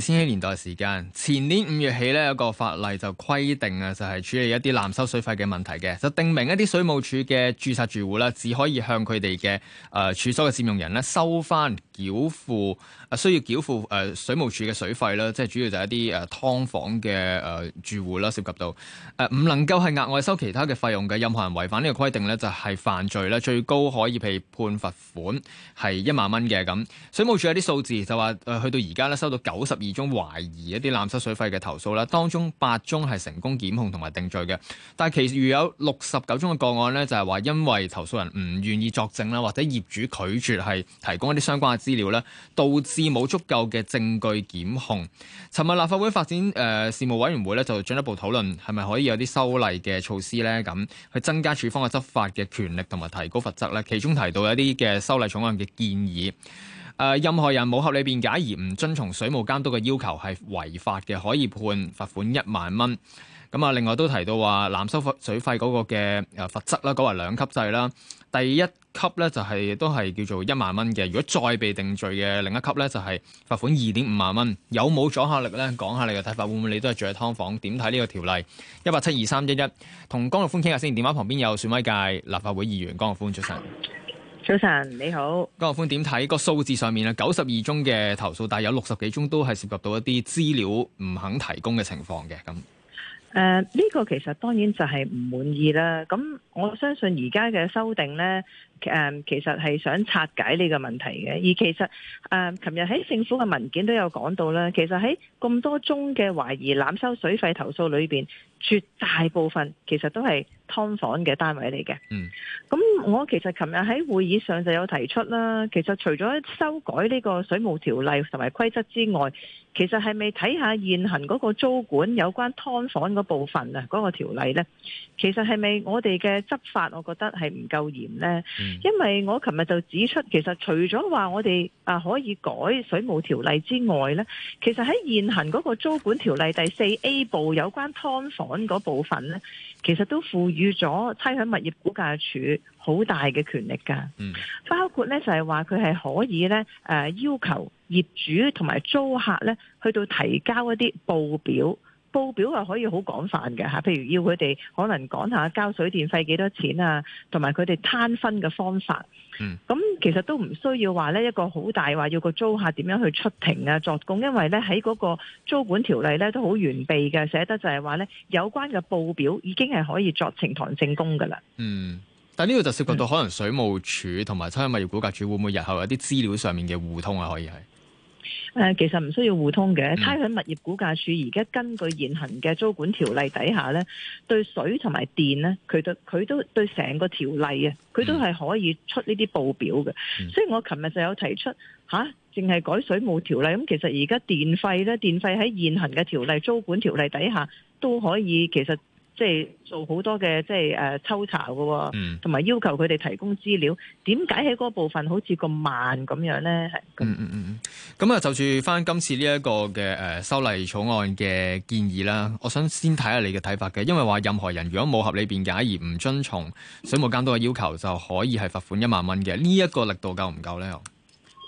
千禧年代時間，前年五月起呢，有個法例就規定啊，就係處理一啲濫收水費嘅問題嘅，就定明一啲水務署嘅註冊住戶啦，只可以向佢哋嘅誒處所嘅佔用人呢收翻繳付啊、呃，需要繳付誒、呃、水務署嘅水費啦，即係主要就係一啲誒、呃、劏房嘅誒、呃、住戶啦，涉及到誒唔能夠係額外收其他嘅費用嘅，任何人違反呢個規定呢，就係、是、犯罪咧，最高可以被判罰款係一萬蚊嘅咁。水務署有啲數字就話誒、呃，去到而家呢，收到九十二宗懷疑一啲濫收水費嘅投訴啦，當中八宗係成功檢控同埋定罪嘅，但係其餘有六十九宗嘅個案呢，就係話因為投訴人唔願意作證啦，或者業主拒絕係提供一啲相關嘅資料咧，導致冇足夠嘅證據檢控。尋日立法會發展誒、呃、事務委員會呢，就進一步討論係咪可以有啲修例嘅措施呢，咁去增加署方嘅執法嘅權力同埋提高罰則咧。其中提到一啲嘅修例草案嘅建議。誒任何人冇合理辯解而唔遵從水務監督嘅要求係違法嘅，可以判罰款一萬蚊。咁啊，另外都提到話，濫收水費嗰個嘅誒罰則啦，改為兩級制啦。第一級呢、就係，就係都係叫做一萬蚊嘅，如果再被定罪嘅另一級呢，就係罰款二點五萬蚊。有冇阻嚇力呢？講下你嘅睇法，會唔會你都係住喺劏房？點睇呢個條例？一八七二三一一，同江玉歡傾下先。電話旁邊有選委界立法會議員江玉歡出聲。早晨，你好，江玉歡點睇個數字上面啊？九十二宗嘅投訴，但有六十幾宗都係涉及到一啲資料唔肯提供嘅情況嘅。咁誒、呢、呃這個其實當然就係唔滿意啦。咁我相信而家嘅修訂咧，誒、呃，其實係想拆解呢個問題嘅。而其實誒，琴日喺政府嘅文件都有講到啦。其實喺咁多宗嘅懷疑濫收水費投訴裏邊，絕大部分其實都係。劏房嘅單位嚟嘅，咁、嗯、我其實琴日喺會議上就有提出啦。其實除咗修改呢個水務條例同埋規則之外，其實係咪睇下現行嗰個租管有關劏房嗰部分啊嗰、那個條例呢，其實係咪我哋嘅執法，我覺得係唔夠嚴呢、嗯？因為我琴日就指出，其實除咗話我哋啊可以改水務條例之外呢，其實喺現行嗰個租管條例第四 A 部有關劏房嗰部分呢，其實都賦予。要咗差餉物業估價署好大嘅權力噶，包括咧就係話佢係可以咧，誒要求業主同埋租客咧去到提交一啲報表。報表係可以好廣泛嘅嚇，譬如要佢哋可能講下交水電費幾多錢啊，同埋佢哋攤分嘅方法。嗯，咁其實都唔需要話呢一個好大話要個租客點樣去出庭啊作供，因為呢喺嗰個租管條例呢都好完備嘅，寫得就係話呢有關嘅報表已經係可以作呈堂證供噶啦。嗯，但係呢個就涉及到可能水務署同埋差餉物業估價署會唔會日後有啲資料上面嘅互通啊，可以係。誒，其實唔需要互通嘅。差餉物業估價署而家根據現行嘅租管條例底下咧，對水同埋電咧，佢都佢都對成個條例啊，佢都係可以出呢啲報表嘅。所以我琴日就有提出吓，淨、啊、係改水務條例。咁其實而家電費咧，電費喺現行嘅條例租管條例底下都可以，其實。即、就、係、是、做好多嘅，即係誒抽查喎、哦，同、嗯、埋要求佢哋提供資料。點解喺嗰部分好似咁慢咁樣咧？係嗯嗯嗯。咁、嗯、啊，嗯、就住翻今次呢、這、一個嘅誒、呃、修例草案嘅建議啦，我想先睇下你嘅睇法嘅。因為話任何人如果冇合理辯解而唔遵從水務監督嘅要求，就可以係罰款一萬蚊嘅。呢、這、一個力度夠唔夠咧？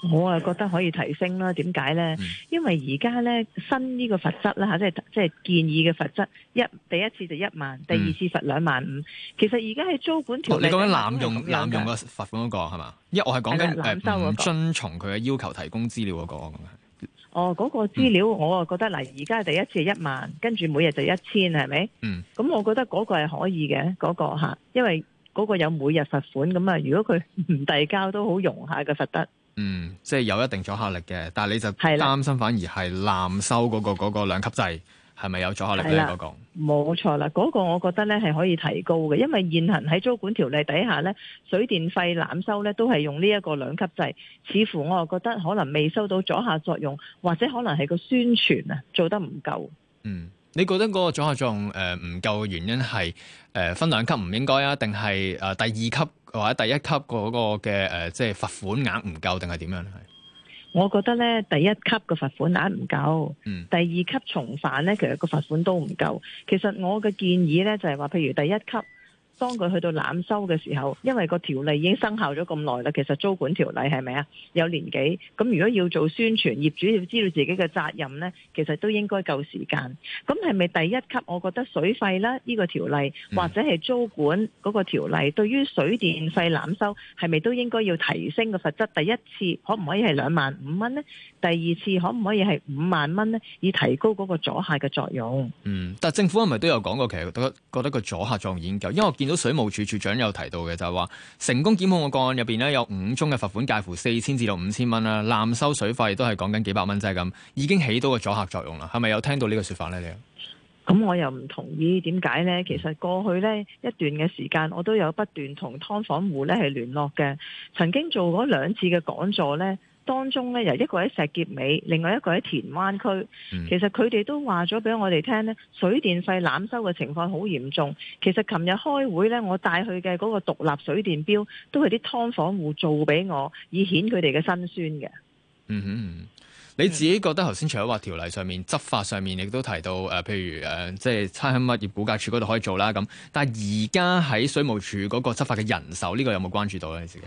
我啊覺得可以提升啦，點解咧？嗯、因為而家咧新呢個罰則啦吓，即係即係建議嘅罰則，一第一次就一萬，第二次罰兩萬五。嗯。其實而家係租管條例，你講緊濫用濫用的罰、嗰個罰款嗰個係嘛？因為我係講緊唔遵從佢嘅要求提供資料嗰、嗰個我覺得。哦，嗰、嗰個資料、嗯、我啊覺得嗱，而家第一次係一萬，跟住每日就一千，係咪？嗯。咁我覺得嗰個係可以嘅，嗰、嗰個吓，因為嗰個有每日罰款，咁啊，如果佢唔遞交都好容下嘅罰得。嗯，即係有一定阻嚇力嘅，但係你就擔心反而係濫收嗰個嗰個兩級制係咪有阻嚇力咧？嗰個冇錯啦，嗰個我覺得咧係可以提高嘅，因為現行喺租管條例底下咧，水電費濫收咧都係用呢一個兩級制，似乎我又覺得可能未收到阻嚇作用，或者可能係個宣傳啊做得唔夠。嗯，你覺得嗰個阻嚇作用誒唔夠嘅原因係誒分兩級唔應該啊，定係誒第二級？或者第一級嗰個嘅即、呃係、罰款額唔夠，定係點樣咧？我覺得咧，第一級個罰款額唔夠，嗯，第二級重犯咧，其實個罰款都唔夠。其實我嘅建議咧，就係話，譬如第一級。當佢去到濫收嘅時候，因為個條例已經生效咗咁耐啦，其實租管條例係咪啊？有年幾咁？如果要做宣傳，業主要知道自己嘅責任呢，其實都應該夠時間。咁係咪第一級？我覺得水費啦，呢個條例或者係租管嗰個條例，對於水電費濫收係咪都應該要提升個罰則？第一次可唔可以係兩萬五蚊呢？第二次可唔可以係五萬蚊呢？以提高嗰個阻嚇嘅作用？嗯，但政府係咪都有講過？其實覺得覺個阻嚇作用研究，因為我見見到水務署署長有提到嘅就係話，成功檢控嘅個案入邊呢，有五宗嘅罰款介乎四千至到五千蚊啦，濫收水費都係講緊幾百蚊啫咁，已經起到個阻嚇作用啦。係咪有聽到呢個說法呢？你咁我又唔同意，點解呢？其實過去呢一段嘅時間，我都有不斷同劏房戶咧係聯絡嘅，曾經做過兩次嘅講座呢。當中咧，由一個喺石硤尾，另外一個喺田灣區，其實佢哋都話咗俾我哋聽咧，水電費濫收嘅情況好嚴重。其實琴日開會咧，我帶去嘅嗰個獨立水電錶，都係啲劏房戶做俾我，以顯佢哋嘅辛酸嘅。嗯哼嗯，你自己覺得頭先除咗話條例上面，執法上面，亦都提到誒、呃，譬如誒、呃，即係差餉物業估價署嗰度可以做啦。咁，但係而家喺水務署嗰個執法嘅人手，呢，這個有冇關注到呢？你自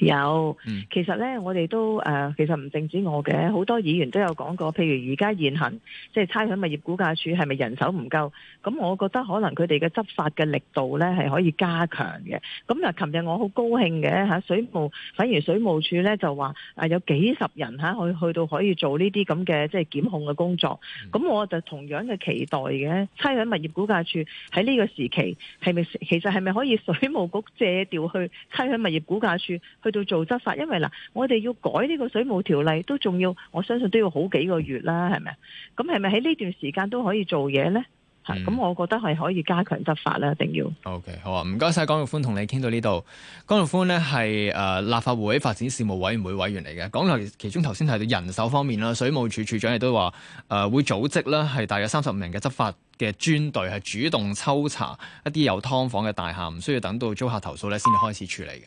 有，其實咧，我哋都誒、呃，其實唔淨止我嘅，好多議員都有講過。譬如而家現行，即係差餉物業估價署係咪人手唔夠？咁我覺得可能佢哋嘅執法嘅力度咧係可以加強嘅。咁啊，琴日我好高興嘅，水務反而水務署咧就話有幾十人嚇去去到可以做呢啲咁嘅即係檢控嘅工作。咁我就同樣嘅期待嘅，差餉物業估價署喺呢個時期係咪其實係咪可以水務局借調去差餉物業估價署。去到做執法，因為嗱，我哋要改呢個水務條例，都仲要，我相信都要好幾個月啦，係咪？咁係咪喺呢段時間都可以做嘢咧？咁、嗯、我覺得係可以加強執法啦，一定要。O、okay, K，好啊，唔該晒江玉歡，同你傾到呢度。江玉歡呢係誒、呃、立法會發展事務委員會委員嚟嘅。講到，其中頭先提到人手方面啦，水務處處長亦都話誒、呃、會組織咧係大約三十五名嘅執法嘅專隊，係主動抽查一啲有劏房嘅大廈，唔需要等到租客投訴咧先至開始處理嘅。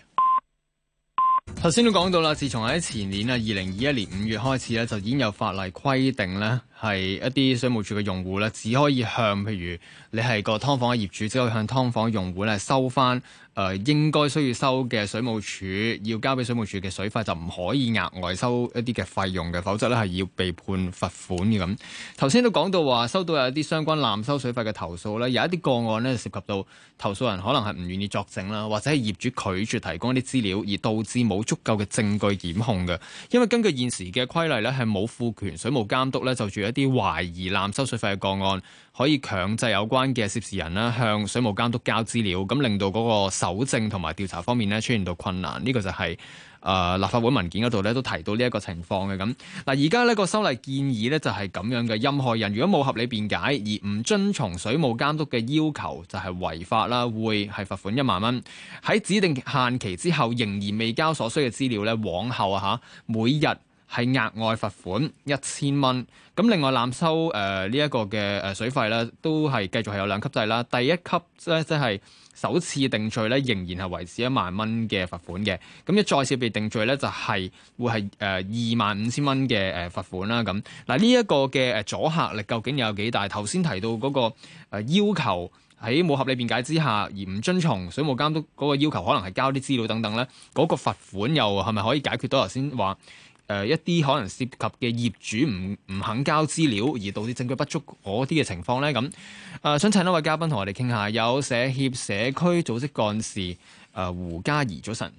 頭先都講到啦，自從喺前年啊，二零二一年五月開始咧，就已經有法例規定咧。係一啲水務署嘅用戶呢，只可以向譬如你係個劏房嘅業主，只可以向劏房用戶咧收翻誒、呃、應該需要收嘅水務署要交俾水務署嘅水費，就唔可以額外收一啲嘅費用嘅，否則呢係要被判罰款嘅咁。頭先都講到話收到有一啲相關濫收水費嘅投訴呢，有一啲個案呢，涉及到投訴人可能係唔願意作證啦，或者係業主拒絕提供一啲資料，而導致冇足夠嘅證據檢控嘅。因為根據現時嘅規例呢，係冇賦權水務監督呢就住。一啲懷疑濫收水費嘅個案，可以強制有關嘅涉事人啦，向水務監督交資料，咁令到嗰個搜證同埋調查方面咧出現到困難。呢、這個就係、是、誒、呃、立法會文件嗰度咧都提到呢一個情況嘅咁。嗱，而家呢個修例建議呢，就係咁樣嘅。任何人如果冇合理辯解而唔遵從水務監督嘅要求，就係、是、違法啦，會係罰款一萬蚊。喺指定限期之後，仍然未交所需嘅資料呢，往後啊吓每日，係額外罰款一千蚊，咁另外濫收誒呢一個嘅誒水費咧，都係繼續係有兩級制啦。第一級咧即係首次定罪咧，仍然係維持一萬蚊嘅罰款嘅。咁一再次被定罪咧，就係會係誒二萬五千蚊嘅誒罰款啦。咁嗱，呢一個嘅誒阻嚇力究竟有幾大？頭先提到嗰個要求喺冇合理辯解之下而唔遵從水務監督嗰個要求，可能係交啲資料等等咧，嗰個罰款又係咪可以解決到頭先話？誒、呃、一啲可能涉及嘅業主唔唔肯交資料，而導致證據不足嗰啲嘅情況咧，咁、呃、誒想請一位嘉賓同我哋傾下，有社協社區組織幹事誒、呃、胡加沂，早晨。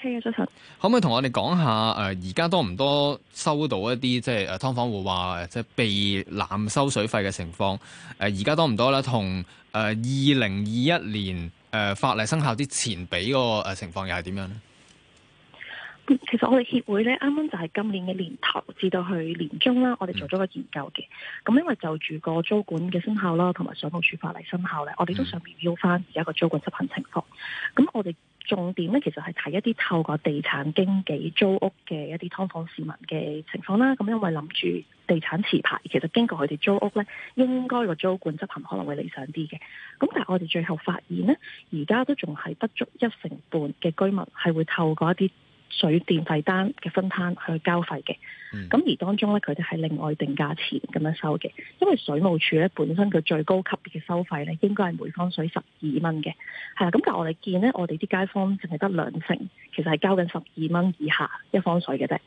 K 嘅早晨，可唔可以同我哋講下誒而家多唔多收到一啲即係誒劏房戶話即係被濫收水費嘅情況？誒而家多唔多咧？同誒二零二一年誒、呃、法例生效之前俾、那個誒、呃、情況又係點樣咧？其實我哋協會咧，啱啱就係今年嘅年頭至到去年中啦，我哋做咗個研究嘅。咁、嗯、因為就住個租管嘅生效啦，同埋上報處罰嚟生效咧，我哋都想瞄瞄返而家個租管執行情況。咁我哋重點咧，其實係睇一啲透過地產經紀租屋嘅一啲劏房市民嘅情況啦。咁因為諗住地產持牌，其實經過佢哋租屋咧，應該個租管執行可能會理想啲嘅。咁但係我哋最後發現咧，而家都仲係不足一成半嘅居民係會透過一啲。水電費單嘅分攤去交費嘅。咁、嗯、而當中咧，佢哋係另外定價錢咁樣收嘅，因為水務署咧本身佢最高級別嘅收費咧，應該係每方水十二蚊嘅，係啦。咁但我哋見咧，我哋啲街坊淨係得兩成，其實係交緊十二蚊以下一方水嘅啫。咁、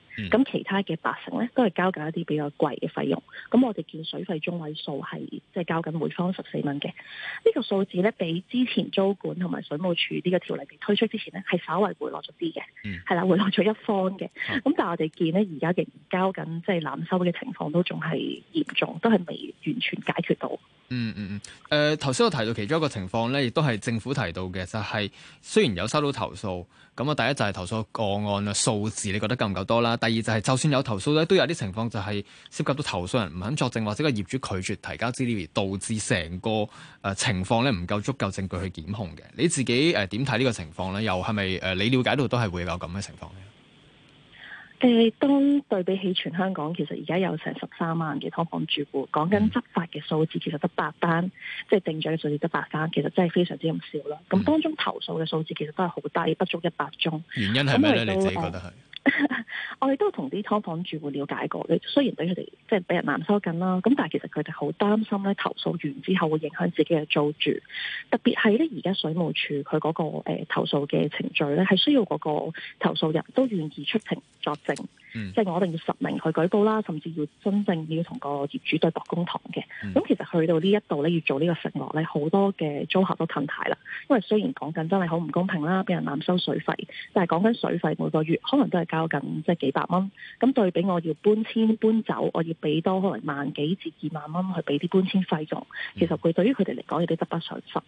嗯、其他嘅八成咧，都係交緊一啲比較貴嘅費用。咁我哋見水費中位數係即係交緊每方十四蚊嘅呢個數字咧，比之前租管同埋水務署呢個條例推出之前咧，係稍為回落咗啲嘅，係、嗯、啦，回落咗一方嘅。咁、啊、但我哋見咧，而家嘅交緊即係濫收嘅情況都仲係嚴重，都係未完全解決到。嗯嗯嗯，誒、呃，頭先我提到其中一個情況咧，亦都係政府提到嘅，就係、是、雖然有收到投訴，咁啊，第一就係投訴個案啊數字，你覺得夠唔夠多啦？第二就係就算有投訴咧，都有啲情況就係涉及到投訴人唔肯作證或者個業主拒絕提交資料，而導致成個誒情況咧唔夠足夠證據去檢控嘅。你自己誒點睇呢個情況咧？又係咪誒你了解到都係會有咁嘅情況咧？誒、嗯，當、嗯、對比起全香港，其實而家有成十三萬嘅劏房住戶，講緊執法嘅數字，其實得八單，即、就、係、是、定罪嘅數字得八單，其實真係非常之咁少啦。咁當中投訴嘅數字其實都係好低，不足一百宗。原因係咩咧？你自己覺得係？ 我哋都同啲劏房住戶了解過，你雖然俾佢哋即係俾人濫收緊啦，咁但係其實佢哋好擔心咧投訴完之後會影響自己嘅租住，特別係咧而家水務署佢嗰個誒、呃、投訴嘅程序咧係需要嗰個投訴人都願意出庭作證，即、嗯、係、就是、我一定要實名去舉報啦，甚至要真正要同個業主對簿公堂嘅。咁、嗯嗯、其實去到呢一度咧，要做呢個承諾咧，好多嘅租客都嘆氣啦，因為雖然講緊真係好唔公平啦，俾人濫收水費，但係講緊水費每個月可能都係交緊。即係幾百蚊，咁對比我要搬遷搬走，我要俾多可能萬幾至二萬蚊去俾啲搬遷費用。其實佢對於佢哋嚟講有啲得不償失。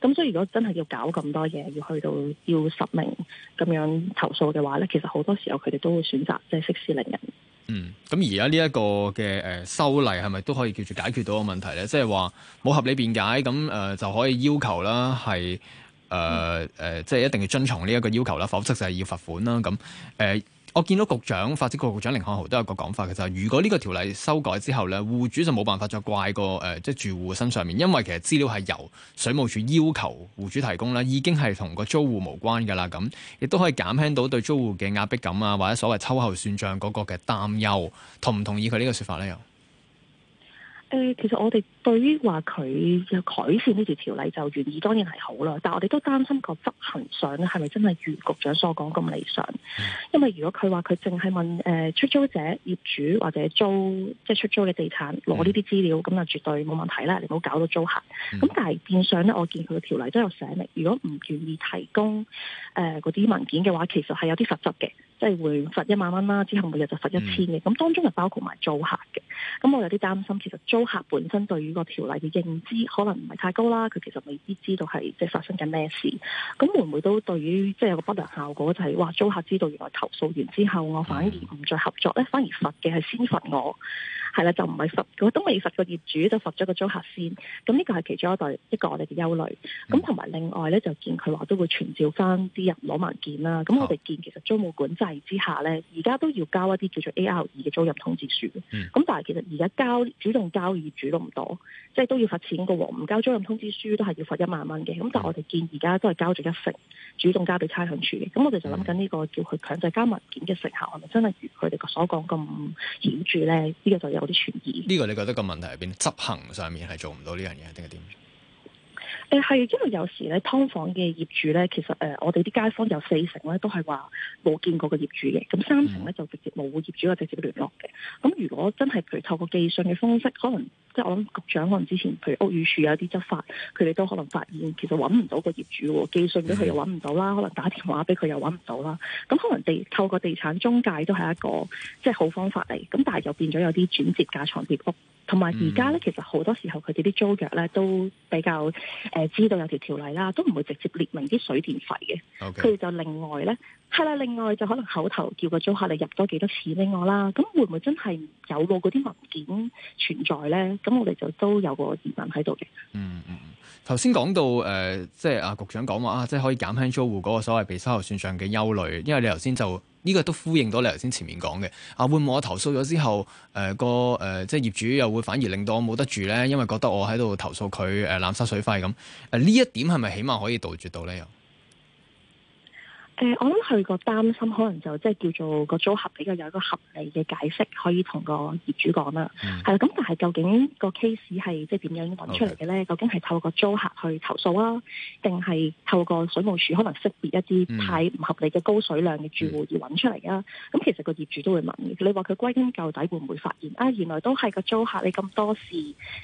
咁所以如果真係要搞咁多嘢，要去到要實名咁樣投訴嘅話咧，其實好多時候佢哋都會選擇即係息事寧人。嗯，咁而家呢一個嘅誒、呃、修例係咪都可以叫做解決到個問題咧？即係話冇合理辯解，咁誒、呃、就可以要求啦，係誒誒，即係一定要遵從呢一個要求啦，否則就係要罰款啦。咁、嗯、誒。嗯我見到局長、發展局局長甯漢豪都有個講法，就實、是、如果呢個條例修改之後呢，戶主就冇辦法再怪個誒即係住戶身上面，因為其實資料係由水務署要求戶主提供啦，已經係同個租戶無關噶啦，咁亦都可以減輕到對租戶嘅壓迫感啊，或者所謂秋後算帳嗰個嘅擔憂，同唔同意佢呢個說法呢？又？誒、呃，其實我哋對於話佢嘅改善呢條條例就願意，當然係好啦。但係我哋都擔心個執行上咧，係咪真係如局長所講咁理想？因為如果佢話佢淨係問誒、呃、出租者、業主或者租即係出租嘅地產攞呢啲資料，咁、嗯、啊絕對冇問題啦，你唔好搞到租客。咁、嗯、但係變相咧，我見佢嘅條例都有寫明，如果唔願意提供誒嗰啲文件嘅話，其實係有啲罰則嘅，即係會罰一萬蚊啦，之後每日就罰一千嘅。咁、嗯、當中就包括埋租客嘅。咁我有啲擔心，其實租租客本身對於個條例嘅認知可能唔係太高啦，佢其實未必知道係即係發生緊咩事，咁會唔會都對於即係有個不良效果，就係，就係話租客知道原來投訴完之後，我反而唔再合作咧，反而罰嘅係先罰我。係啦，就唔係罰，我都未罰個業主，就罰咗個租客先。咁呢個係其中一類，一個我哋嘅憂慮。咁同埋另外咧，就見佢話都會傳召翻啲人攞文件啦。咁我哋見其實租務管制之下咧，而家都要交一啲叫做 A R 二嘅租賃通知書嘅。咁、嗯、但係其實而家交主動交業主都唔多，即係都要罰錢嘅喎。唔交租賃通知書都係要罰一萬蚊嘅。咁、嗯、但係我哋見而家都係交咗一成，主動交俾差餉署嘅。咁我哋就諗緊呢個叫佢強制交文件嘅成效係咪真係如佢哋所講咁顯著咧？呢、嗯、個就有。呢、這個你覺得個問題係邊？執行上面係做唔到呢樣嘢定係點？誒係，因為有時咧，劏房嘅業主咧，其實誒、呃，我哋啲街坊有四成咧都係話冇見過個業主嘅，咁三成咧就直接冇與業主有直接聯絡嘅。咁如果真係譬如透過寄信嘅方式，可能即係我諗局長可能之前譬如屋宇署有啲執法，佢哋都可能發現其實揾唔到個業主喎，寄信俾佢又揾唔到啦，可能打電話俾佢又揾唔到啦。咁可能地透過地產中介都係一個即係好方法嚟，咁但係又變咗有啲轉折加長跌幅。同埋而家咧，其實好多時候佢哋啲租約咧都比較誒、呃、知道有條條例啦，都唔會直接列明啲水電費嘅。佢、okay. 哋就另外咧，係啦，另外就可能口頭叫個租客你入多幾多次俾我啦。咁會唔會真係有冇嗰啲文件存在咧？咁我哋就都有個疑問喺度嘅。嗯嗯嗯，頭先講到誒、呃，即係阿、啊、局長講話啊，即係可以減輕租戶嗰個所謂被收學算上嘅憂慮，因為你頭先就。呢個都呼應到你頭先前面講嘅。啊會唔會我投訴咗之後，誒個誒即係業主又會反而令到我冇得住咧，因為覺得我喺度投訴佢誒濫收水費咁。誒呢一點係咪起碼可以杜絕到咧？又？誒、呃，我諗佢個擔心可能就即係叫做個租客比較有一個合理嘅解釋可以同個業主講啦。係、嗯、啦，咁但係究竟個 case 係即係點樣揾出嚟嘅咧？Okay. 究竟係透過租客去投訴啦、啊，定係透過水務署可能識別一啲太唔合理嘅高水量嘅住戶而揾出嚟啦、啊？咁、嗯、其實個業主都會問嘅。你話佢歸根究底會唔會發現啊？原來都係個租客你咁多事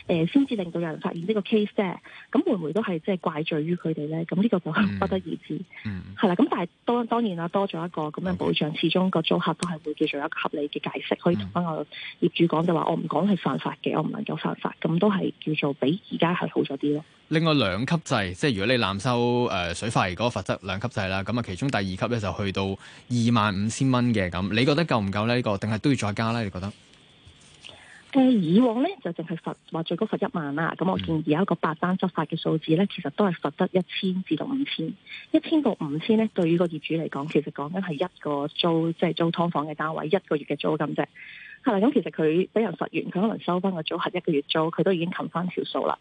誒，先、呃、至令到有人發現呢個 case 啫？咁會唔會都係即係怪罪於佢哋咧。咁呢個就不得而知。係、嗯、啦，咁、嗯、但係。當當然啦，多咗一個咁嘅保障，始終個租客都係會叫做一個合理嘅解釋，可以同翻個業主講就話，我唔講係犯法嘅，我唔能夠犯法，咁都係叫做比而家係好咗啲咯。另外兩級制，即係如果你濫收誒水費嗰個罰則兩級制啦，咁啊，其中第二級咧就去到二萬五千蚊嘅。咁你覺得夠唔夠呢？呢個定係都要再加咧？你覺得？以往呢就淨係罰，話最高罰一萬啦。咁我見而家有一個八單執法嘅數字呢，其實都係罰得一千至到五千，一千到五千呢，對於個業主嚟講，其實講緊係一個租，即係租劏房嘅單位一個月嘅租金啫。係啦，咁其實佢俾人罰完，佢可能收翻個租客一個月租，佢都已經冚翻條數啦。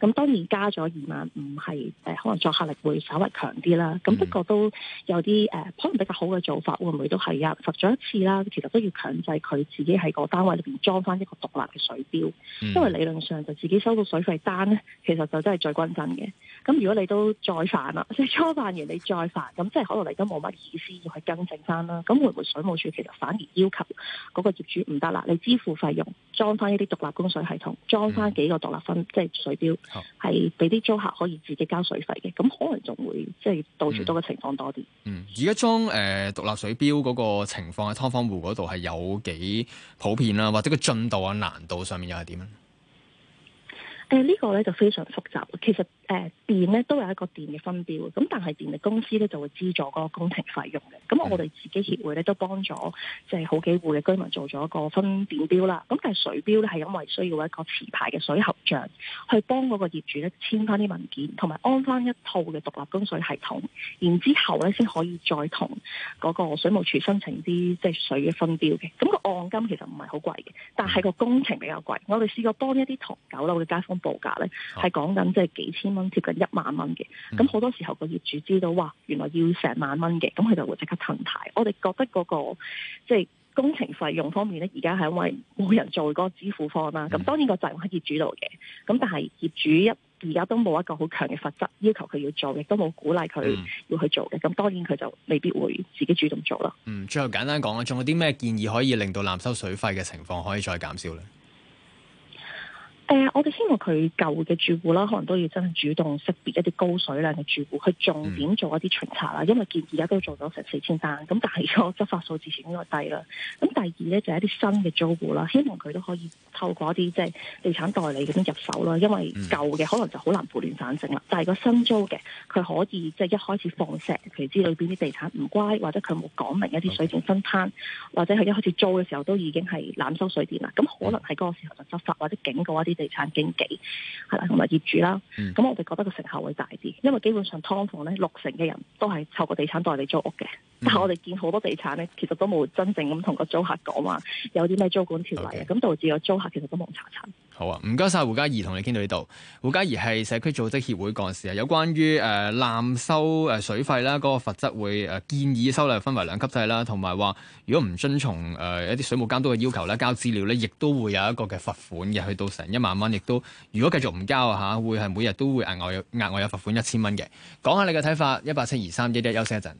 咁當然加咗二萬五係誒，可能阻嚇力會稍微強啲啦。咁不過都有啲誒，可能比較好嘅做法會唔會都係啊？罰咗一次啦，其實都要強制佢自己喺個單位裏邊裝翻一個獨立嘅水錶、嗯，因為理論上就自己收到水費單咧，其實就真係最均真嘅。咁如果你都再犯啦，即係初犯完你再犯，咁即係可能你都冇乜意思要去更正翻啦。咁會唔會水務署其實反而要求嗰個業主唔？得啦，你支付費用裝翻一啲獨立供水系統，裝翻幾個獨立分、嗯、即係水錶，係俾啲租客可以自己交水費嘅。咁可能仲會即係到處到的況多嘅情況多啲。嗯，而家裝誒獨立水錶嗰個情況喺劏房戶嗰度係有幾普遍啦、啊，或者個進度啊難度上面又係點咧？誒、這、呢個咧就非常複雜，其實誒電咧都有一個電嘅分表，咁但係電力公司咧就會資助嗰個工程費用嘅。咁我哋自己協會咧都幫咗即係好幾戶嘅居民做咗個分電表啦。咁但係水表咧係因為需要一個持牌嘅水喉匠去幫嗰個業主咧簽返啲文件，同埋安返一套嘅獨立供水系統，然之後咧先可以再同嗰個水務署申請啲即係水嘅分表嘅。咁、那個按金其實唔係好貴嘅，但係個工程比較貴。我哋試過幫一啲唐九樓嘅街坊。報價咧係講緊即係幾千蚊接近一萬蚊嘅，咁好多時候個業主知道，哇，原來要成萬蚊嘅，咁佢就會即刻騰台。我哋覺得嗰個即係工程費用方面咧，而家係因為冇人做嗰個支付方啦。咁當然個責任喺業主度嘅，咁但係業主而而家都冇一個好強嘅罰則要求佢要做，亦都冇鼓勵佢要去做嘅。咁當然佢就未必會自己主動做啦。嗯，最後簡單講一講，仲有啲咩建議可以令到濫收水費嘅情況可以再減少咧？誒、呃，我哋希望佢舊嘅住戶啦，可能都要真係主動識別一啲高水量嘅住戶，去重點做一啲巡查啦。因為見而家都做咗成四千單，咁但係個執法數字應該低啦。咁第二咧就係，是，一啲新嘅租戶啦，希望佢都可以透過一啲即係地產代理嗰邊入手啦。因為舊嘅可能就好難撥亂反正啦，但係個新租嘅佢可以即係一開始放石，其知裏邊啲地產唔乖，或者佢冇講明一啲水電分攤，okay. 或者佢一開始租嘅時候都已經係濫收水電啦。咁可能喺嗰個時候就執法或者警告一啲。地產經紀係啦，同埋業主啦，咁、嗯、我哋覺得個成效會大啲，因為基本上劏房咧六成嘅人都係透過地產代理租屋嘅，嗯，但係我哋見好多地產咧，其實都冇真正咁同個租客講話有啲咩租管條例啊，咁、okay. 導致個租客其實都冇查察。好啊，唔該晒。胡加沂同你傾到呢度。胡加沂係社區組織協會幹事啊，有關於誒濫收誒水費啦，嗰、那個罰則會建議修例分為兩級制啦，同埋話如果唔遵從誒、呃、一啲水務監督嘅要求咧，交資料咧，亦都會有一個嘅罰款嘅，去到成一萬蚊，亦都如果繼續唔交嚇，會係每日都會額外額外有罰款元一千蚊嘅。講下你嘅睇法，1723, 一八七二三一一，休息一陣。